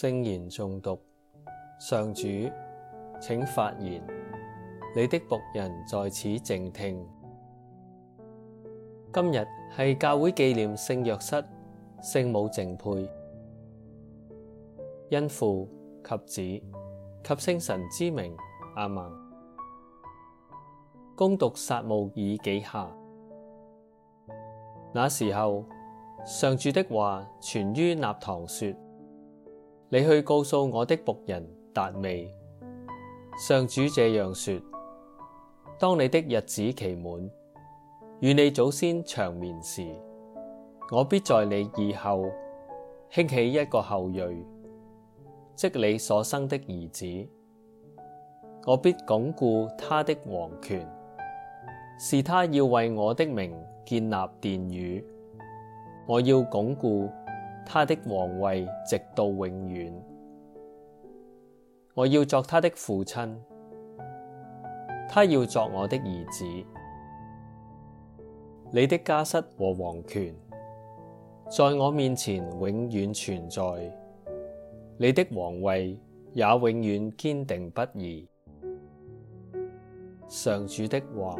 聖言誦讀，上主，請發言，你的僕人在此靜聽。今日是教會紀念聖若瑟、聖母淨配，因父及子及聖神之名，阿門。恭讀撒慕爾紀下，那時候上主的話傳於納堂說。你去告訴我的僕人達味，上主這樣說：當你的日子期滿，與你祖先長眠時，我必在你以後興起一個後裔，即你所生的兒子，我必鞏固他的王權，是他要為我的名建立殿宇，我要鞏固。他的王位直到永遠，我要作他的父親，他要作我的兒子。你的家室和王權在我面前永遠存在，你的王位也永遠堅定不移。上主的話。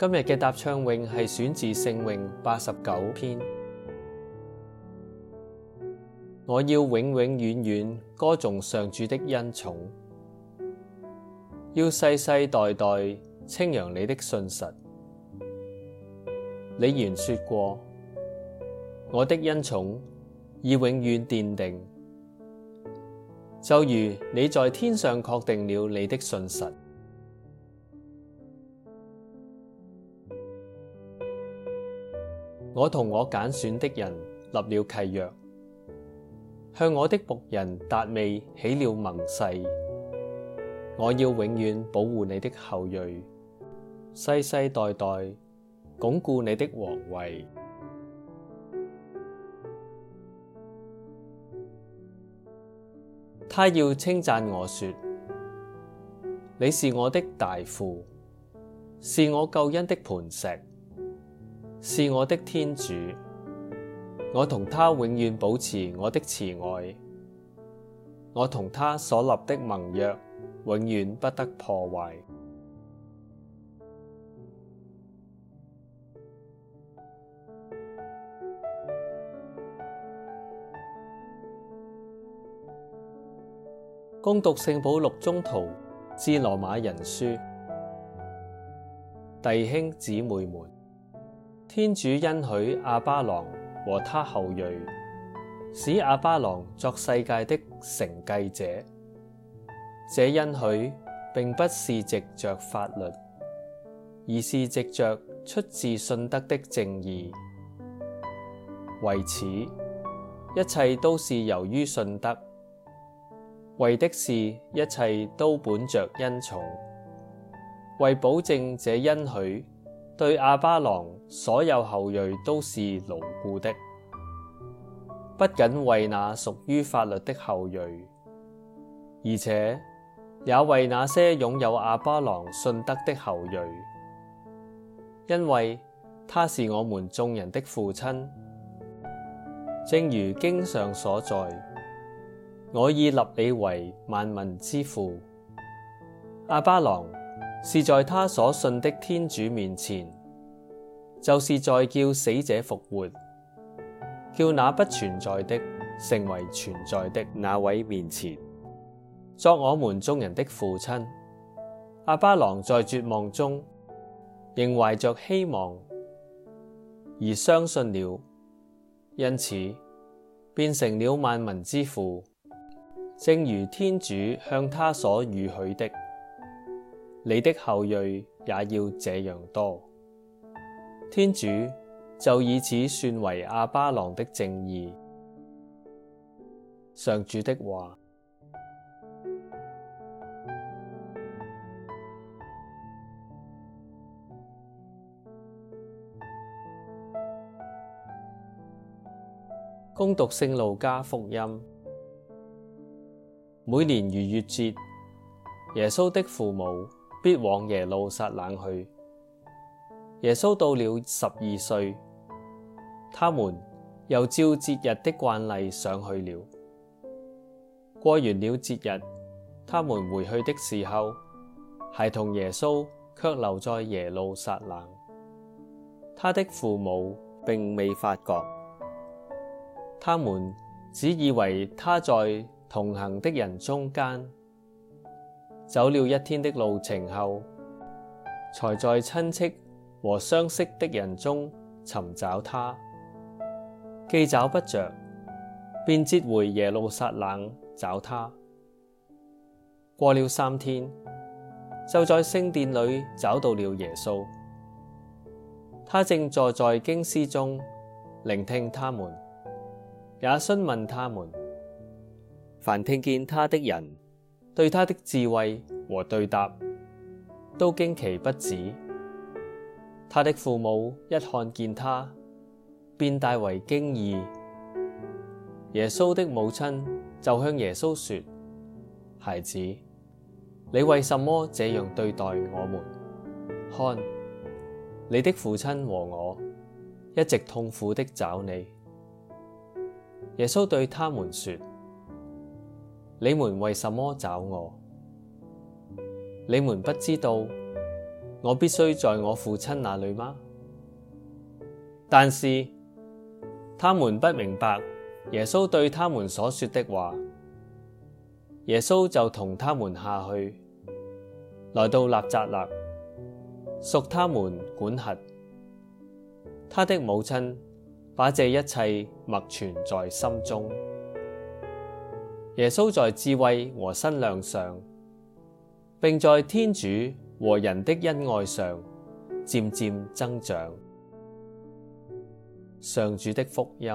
今日嘅答唱詠係選自聖詠八十九篇，我要永永遠遠歌頌上主的恩寵，要世世代代稱揚你的信實。你原說過，我的恩寵已永遠奠定，就如你在天上確定了你的信實。我同我揀選的人立了契約，向我的僕人達味起了盟誓。我要永遠保護你的後裔，世世代代鞏固你的王位。他要稱讚我說：你是我的大父，是我救恩的磐石。是我的天主，我同他永遠保持我的慈愛，我同他所立的盟約永遠不得破壞。恭讀聖保禄宗徒致羅馬人書，弟兄姊妹們。天主恩許亞巴郎和他後裔，使亞巴郎作世界的承繼者。這恩許並不是藉着法律，而是藉着出自信德的正義。為此，一切都是由於信德，為的是一切都本着恩寵。為保證這恩許。對亞巴郎所有後裔都是牢固的，不僅為那屬於法律的後裔，而且也為那些擁有亞巴郎信德的後裔，因為他是我們眾人的父親。正如經上所載，我已立你為萬民之父，亞巴郎。是在他所信的天主面前，就是在叫死者復活、叫那不存在的成為存在的那位面前，作我們眾人的父親。亞巴郎在絕望中仍懷着希望而相信了，因此變成了萬民之父，正如天主向他所預許的。你的後裔也要這樣多，天主就以此算為亞巴郎的正義。上主的話：恭讀聖路加福音，每年逾越節，耶穌的父母。必往耶路撒冷去。耶穌到了十二歲，他們又照節日的慣例上去了。過完了節日，他們回去的時候，孩童耶穌却留在耶路撒冷。他的父母並未發覺，他們只以為他在同行的人中間。走了一天的路程後，才在親戚和相識的人中尋找他，既找不着，便折回耶路撒冷找他。過了三天，就在聖殿裡找到了耶穌，他正坐在經師中聆聽他們，也詢問他們，凡聽見他的人。對他的智慧和對答都驚奇不止。他的父母一看見他，便大為驚異。耶穌的母親就向耶穌說：孩子，你為什麼這樣對待我們？看，你的父親和我一直痛苦的找你。耶穌對他們說：你們為什麼找我？你們不知道，我必須在我父親那裡嗎？但是，他們不明白耶穌對他們所說的話。耶穌就同他們下去，來到納匝肋，屬他們管轄。他的母親把這一切默存在心中。耶穌在智慧和身量上，並在天主和人的恩愛上，漸漸增長。—上主的福音。